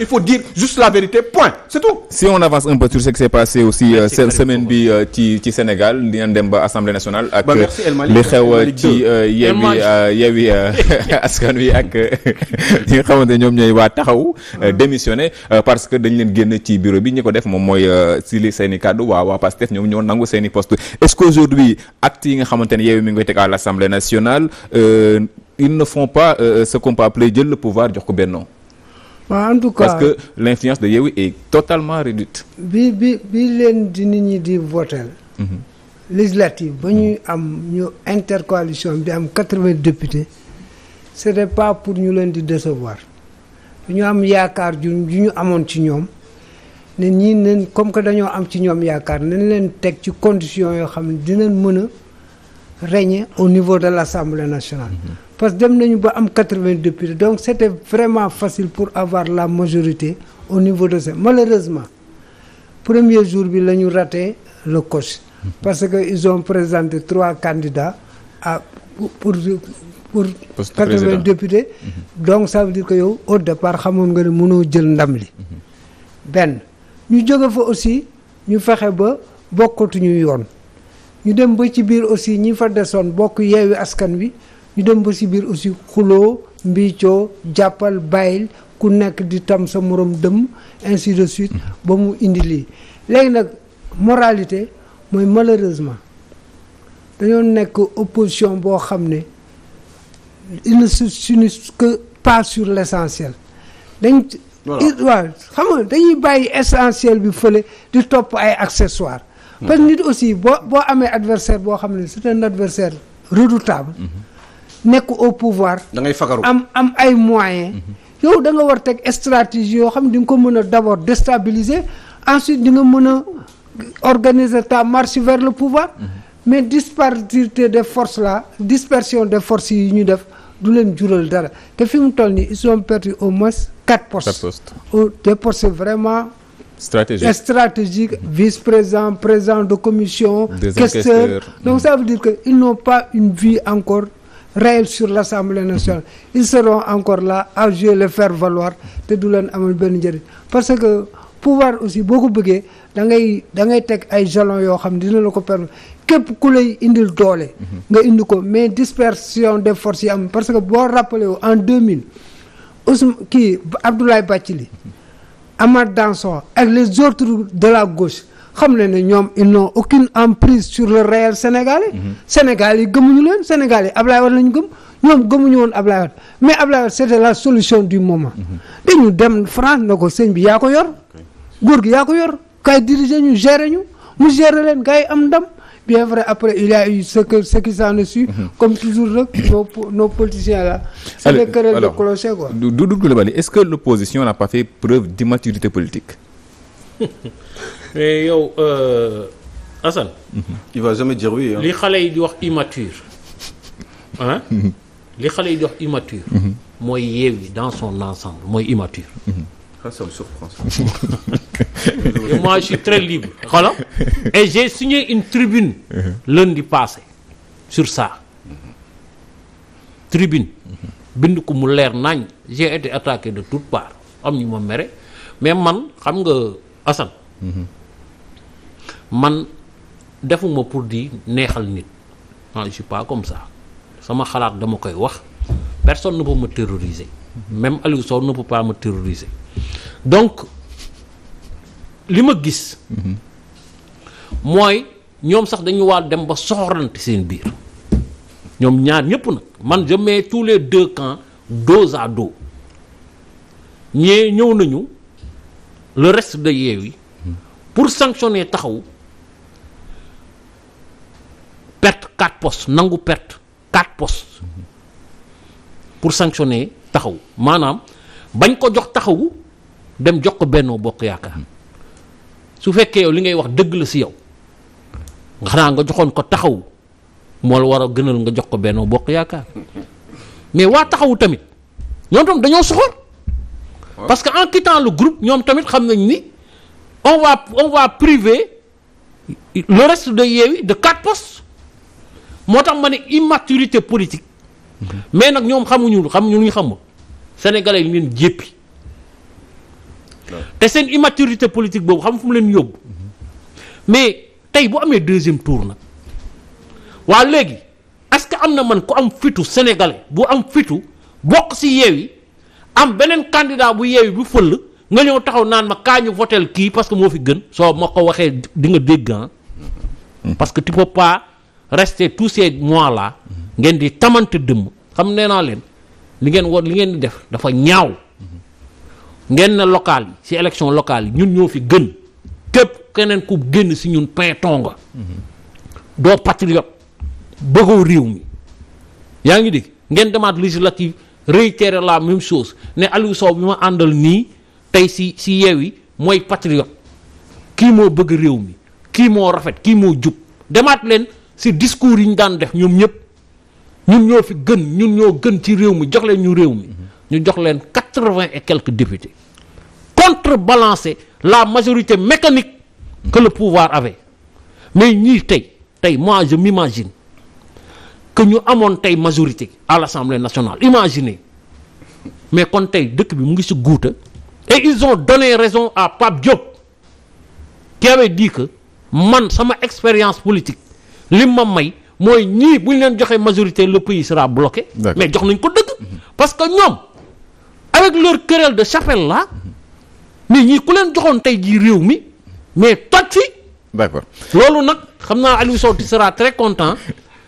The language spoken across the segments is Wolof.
il faut dire juste la vérité point c'est tout. si on avance un peu sur ce qui s'est passé aussi euh, semaine bi euh, ci ci Sénégal di ngeen dem ba assemblée nationale. ak li xew euh, ci Yewwi Yewwi askan wi ak ñi nga xamante ñoom ñooy waa taxaw ah. démissionné parce que dañ leen génn ci bureau bi ñu ko def moom mooy si li seen i kàddu waa waa Pastef ñoom ñoo nangu seeni i poste est-ce qu'aujourd'hui acte yi nga xamante ne Yewwi mi ngi koy teg à l'Assemblée nationale ils ne font pas ce qu'on peut appeler jël le pouvoir jox ko Benno waaw en tout cas parce que l'influence de Yewwi est totalement réduite. bi bi bi leen di nit ñi di voter. Mhm. législative ba ñuy am ñu intercoalition bi am quatre-vingts députés c'était pas pour ñu leen di décevoir ñu am yaakaar ju ñu amoon ci ñoom ne ñii nen comme que dañoo am ci ñoom yaakaar nañ leen teg ci conditions yoo xam ne dinañ mën a. régner au niveau de l'Assemblée nationale. Mhm. parce que dem nañu ba am quatre-vingts députés donc c'était vraiment facile pour avoir la majorité au niveau de ça malheureusement premier jour bi la ñu raté le coche. Mhm. parce que ils ont présenté trois candidats à pour pour quatre-vingts députés mhm. donc ça veut dire que yow au départ xamoon nga ne mënoo jël ndam li benn ñu jóge fa aussi ñu fexe ba bokkatuñu yoon ñu dem ba ci biir aussi ñi fa desoon bokk yeewi askan wi ñu dem ba ci biir aussi xuloo mbiicoo jàppal bàyyil ku nekk di tam sa morom dëmm ainsi de suite ba mu indi lii léegi nag moralité mooy malheureusement dañoo nekk opposition boo xam ne ils ne se s'unissent que sur l'essentiel dañ waaw xam nga dañuy bàyyi essentiel bi fële di topp ay accessoires parce que nit aussi boo boo amee adversaire boo xam ne c'est un adversaire redoutable mhm. nekk au pouvoir da ngay fagaru am am ay moyens mhm. yow da nga war teg stratégie yoo xam ne di nga ko mën a d'abord déstabiliser ensuite di nga mën a organiser ta marche vers le pouvoir mhm. mais disparité des forces là dispersion des forces yi ñu def du leen jural dara te fi mu toll ni ils ont perdu au moins quatre postes des postes vraiment stratégique stratégique vice-président président de commission questeur donc ça veut dire que ils n'ont pas une vie encore réelle sur l'Assemblée nationale mm-hmm. ils seront encore la à jouer le faire valoir te du leen amal benn njëriñ parce que pouvoir aussi boo ko bëggee da ngay da teg ay jalons yoo xam ne dina la ko permettre képp ku lay indil doole mm-hmm. nga indi ko mais dispersion des forces yi am parce que boo rappelé wu en deux mille aussi kii Abdoulaye li Amath Dansokho ak les autres de la gauche xam ne ne ñoom ils n'ont en emprise sur le réel sénégalais. Mhm. Sénégal yi gëmuñu leen Sénégal yi Ablaye Wade lañ gëm ñoom gëmuñu woon abla Wade mais Ablaye Wade c'était la solution du moment. Mhm. dañu dem France na ko sëñ bi yaa ko yor. góor gi yaa ko yor kay diriger ñu gérer ñu mu gérer leen kay am ndam. bien vrai après il y a eu ce que ce qui s'en est su. Mhm. comme toujours rek nos nos politiciens là. c'est des querelles de clocher quoi. Doudou Coulibaly est-ce que l'opposition n'a pas fait preuve d'immaturité politique. mais yow euh, Assane. Mhm. il va li xale yi di wax immature ah. li xale yi di wax immature. mooy Yewwi dans son ensemble mooy immature. et très libre voilà et j'ai signé une tribune lundi passé sur ça tribune bind ko mu leer nañ j'ai été attaqué de toutes parts am ñu ma mere mais man xam nga Assane man defuma pour di neexal nit ah je suis pas comme ça sama xalaat dama koy wax personne ne peut me terroriser même Aliou Sow ne peut pas me terroriser donc li ma gis. mooy ñoom sax dañu waa dem ba soxorante seen biir ñoom ñaar ñëpp nag man je mets tous les deux camps dos à dos ñee ñëw nañu le reste de Yewwi pour sanctionner taxaw perte quatre postes nangu perte quatre postes pour sanctionner taxaw maanaam bañ ko jox taxawu dem jox ko Benno Bokk Yaakaar. su fekkee yow li ngay wax dëgg la si yow xanaa nga joxoon ko taxaw moo la war a gënal nga jox ko Benno Bokk Yaakaar mais waa taxawu tamit ñoom tam dañoo soxor parce que en quittant le groupe ñoom tamit xam nañ ni on va on va priver le reste de Yewwi de quatre postes moo tax ma ne immaturité politique mm-hmm. mais nag ñoom xamuñu xamuñu lu ñu xamul sénégalais yi jéppi te seen immaturité politique boobu xam fu mu leen yóbbu mais tey bu amee deuxième tour nag waa léegi est que am na man ku am fitu sénégalais bu am fitu bokk si yi am beneen candidat bu yeewi bu fël nga ñëw taxaw naan ma kaa ñu votel kii parce que moo fi gën soo ma ko waxee di nga dégg parce que tu peux pas rester tous ces mois la ngeen di tamante dëmm xam nee naa leen li ngeen war li ngeen di def dafa ñaaw ngeen na local yi si élection locale yi ñun ñoo fi gën képp keneen ku génn si ñun pinton nga doo patriote bëggoo réew mi yaa ngi dégg ngeen demaat législative réitérer la même chose ne Aliou Sow bi ma àndal nii tey si si yeew yi mooy patriote kii moo bëgg réew mi kii moo rafet kii moo jub demaat leen si discours yi ñu daan def ñoom ñëpp ñun ñoo fi gën ñun ñoo gën ci réew mi jox leen ñu réew mi ñu jox leen quatre-vingts et quelques députés contrebalancer la majorité mécanique que le pouvoir avait mais ñii tey tey moi je m'imagine que ñu amoon tey majorité à l'Assemblée nationale imaginez mais kon tey dëkk bi mu ngi si guuta et ils ont donné raison à Pape Diop qui avait dit que man sama expérience politique li ma may mooy ñii bu ñu leen joxee majorité le pays sera bloqué mais jox nañ ko dëgg parce que ñoom avec leur querelle de chapelle là mais ñii ku leen joxoon tey jii réew mi mais toj fi. d'accord loolu nag xam naa Aliou Sow tu seras très content.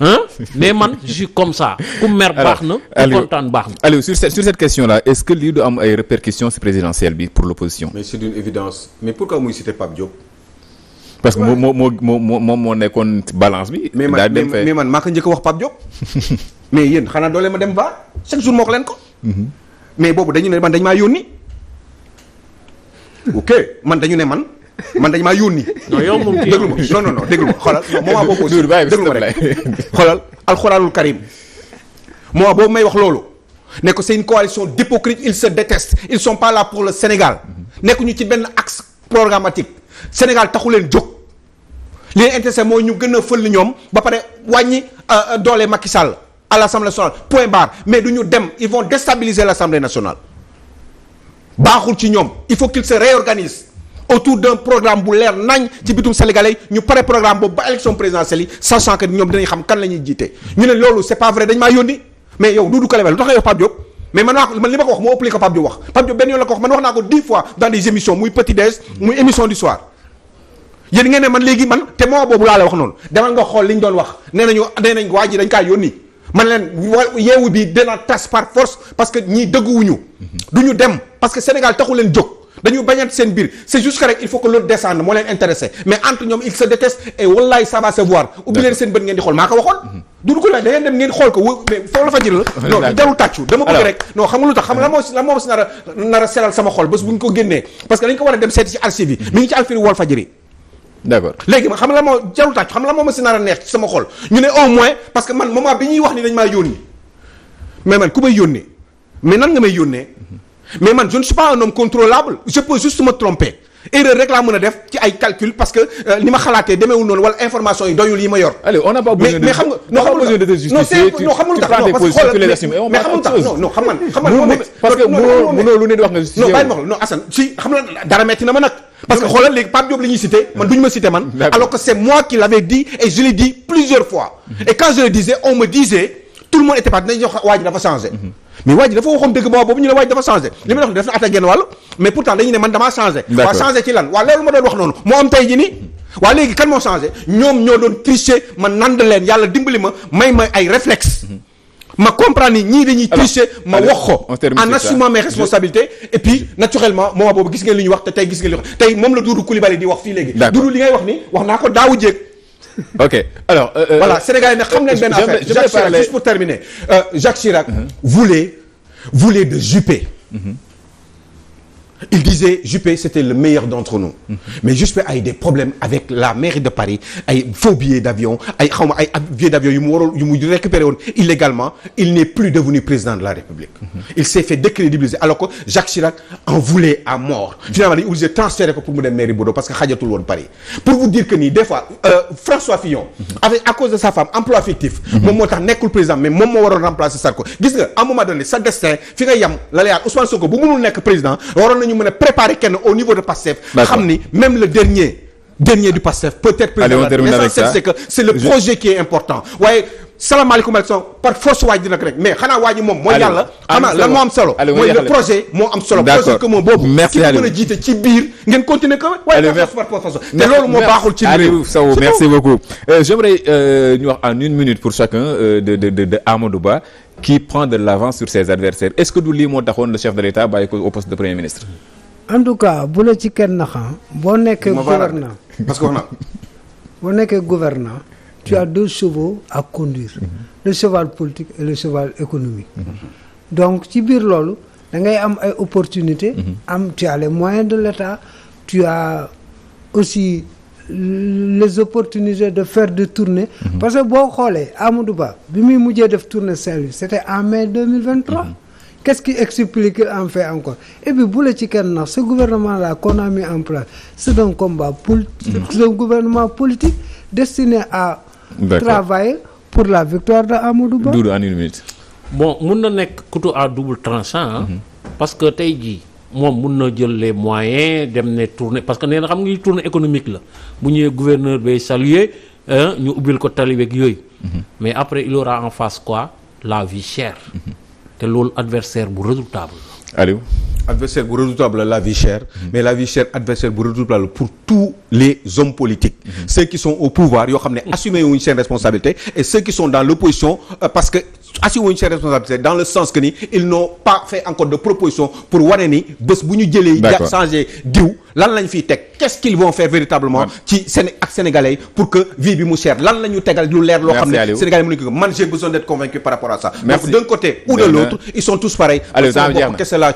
Hein? mais man je suis comme ça ku mer baax na ku kontaan baax na Aliou sur cette sur cette question là est-ce que lii du am ay répercussions si présidentielle bi pour l'opposition mais c'est une évidence mais pourquoi muy citer Pape Diop parce que moo moo moo moo moo nekkoon balance bi mais man man maa ko njëkk wax Pape Diop mais yéen xanaa doole ma dem vaar chaque jour moo ko mhm. mais boobu dañu ne man dañ maa yónni man dañu ne man man dañ maa yónni. non yow moom déglu ma non non non déglu ma xoolal moment boobu ma xoolal alxuraanul karim moment boobu may wax loolu ne ko c'est une coalition d'hypocrites ils se détestent pour le Sénégal nekkuñu ci benn axe programmatique Sénégal taxu leen jóg li leen intéressé mooy ñu gën a fël ñoom ba pare wàññi euh, euh, doole Macky Sall à l'Assemblée nationale mais du ñu dem ils vont déstabiliser l'Assemblée nationale baaxul ci ñoom il faut qu'ils se réorganisent autour d'un programme bu leer nañ ci bitum sénégalais ñu pare programme boobu ba élection présidentielle yi sachant que ñoom dinañ xam kan la jiite ñu ne loolu c'est pas vrai dañ maa yónni mais yow Doudou Coulibaly lu tax nga wax mais man li ma ko wax moo ëpp ko Pape Diop wax Pape benn yoon la ko wax man wax naa ko dix dans des émissions muy petit déj muy émission du ñu doon wax nee nañu nee nañ waa ji man leen yeewu bi dina tas par force parce que ñii dëgguwuñu du ñu dem parce que Sénégal taxu jóg dañu bañante seen biir c'est juste que rek il faut que l'autre descende moo leen intéressé mais entre ñoom ils se détestent et wallaay ça va ubbi leen seen bët ngeen di xool maa ko waxoon duñu ko laaj da dem ngeen xool ko w mais la fa jël la non jarul tàccu dama bëgg rek non xam nga lu tax xam la moo la moo si nar a nar a selal sama xol bés bu ñu que dañ ko war a dem seeti d'accord léegi ma xam la moo jarul tàcc xam la moo ma si nar neex sama xol ñu ne au moins parce que man moment bi ñuy wax ni dañ maa yónni mais man ku may yónnee nga may yónnee a def ci ay calcul parce que euh, ni ma xalaatee demeewul ma yor. allez on n'a xam nga. n'a pas besoin de te justifier tu prends des positions tu les assumes et on dara metti na ma nag parce que xoolal léegi Pape Diop la ñuy cité man du ñu ma cité man alors que c'est moi qui l'avais dit et je l'ai dit plusieurs fois mhm. et quand je le disais on me disait tout le monde était parti nañu wax dafa changé mhm. mais waa dafa waxoon dëgg boobu ñu ne waa dafa changé li ma doon wax def na attaqué genn wàll mais pourtant dañu ne man damaa changé waa changé ci lan waa loolu ma doon wax noonu moo am tey ji ni waa léegi kan moo changé ñoom ma may ma ay ma comprendre ni ñii dañuy tricher ma wax ko en assumant mes responsabilités et puis naturellement moment boobu gis ngeen li ñu wax te tey gis ngeen li wax tey moom la Doudou Coulibaly di wax fii léegi Doudou li ngay wax ni wax naa ko daawu jéeg ok alors euh, euh voilà Sénégalais nag xam leen benn affaire Jacques Chirac juste pour terminer euh, Jacques Chirac voulait uh-huh. voulait de Juppé mm-hmm. il disait Juppé c'était le meilleur d'entre nous mmh. mais Juppé ay des problèmes avec la mairie de Paris ay faux billets d'avion ay xawma d'avion yu mu waroon yu illégalement il n'est plus devenu président de la République il s'est fait décrédibiliser alors que Jacques Chirac en voulait à mort finalement dañu obligé pour mu dem mairie Bordeaux parce que xajatul woon Paris pour vous dire que nii des fois euh, François Fillon avec à cause nañu mën a kenn au niveau de PASTEF. xam ni même le dernier dernier du PASTEF peut-être. allez on termine avec ça c'est que c'est le projet par force waaj dina rek mais xanaa waa ji moom. mooy yàlla xanaa lan moo am solo. le projet moo am solo. projet que moom boobu. merci Aliou mën ci biir ngeen continuer ko. Aliou merci waaye par force te loolu moo baaxul ci réew. Sow merci beaucoup. Euh, j'aimerais euh, ñu wax en une minute pour chacun euh, de de de Amadou qui prend de l'avance sur ses adversaires est-ce que du lii moo taxoon le chef de l'État bàyyi au poste de premier ministre. en tout cas bu la ci kenn naxam. boo nekkee gouvernant parce que na. boo nekkee gouvernant tu as deux chevaux à conduire. le cheval politique et le cheval économique. donc ci biir loolu da ngay am ay opportunités. Mhm. am tu as les moyens de l'État tu as aussi. les opportunités de faire de tournées. Mhm. parce que boo xoolee Amadou Ba bi muy mujjee def tournée Saint-Louis c'était en mai 2023. Mhm. qu'est-ce qui explique en fait encore et puis bu la ci kenn nax ce gouvernement la qu'on en place c'est un combat politique mmh. gouvernement politique destiné à travailler pour la victoire de Amadou Ba. Doudou en mun na nekk couteau à double tranchant mhm. parce que tey jii moom mun na jël les moyens dem ne tournée parce que nee na xam nga tournée économique la bu ñëwee gouverneur bay saluer ñu ubbil ko taliweeg yooyu. Mhm. mais après il aura en face quoi la vie chère. Mhm. te loolu adversaire bu redoutable la. Aliou. adversaire bu redoutable la la vie chère. Mhm. mais la vie chère adversaire bu redoutable pour tous les hommes politiques. ceux qui sont au pouvoir yoo xam ne assumer wuñ seen responsabilité et ceux qui sont dans l'opposition euh, assumer wuñ seen responsabilité dans le sens que ni ils n'ont pas fait encore de proposition pour wane ni bés bu ñu jëlee. d'accord changé diw lan lañ fiy teg qu'est-ce qu'ils vont faire véritablement. ci ak sénégalais yi pour que vie bi mu cher lan la tegal lu leer. loo xam ne sénégalais mënuñu ko man j'ai besoin d'être convaincu par rapport à ça. donc d'un côté ou de l'autre ils sont tous pareils. Aliou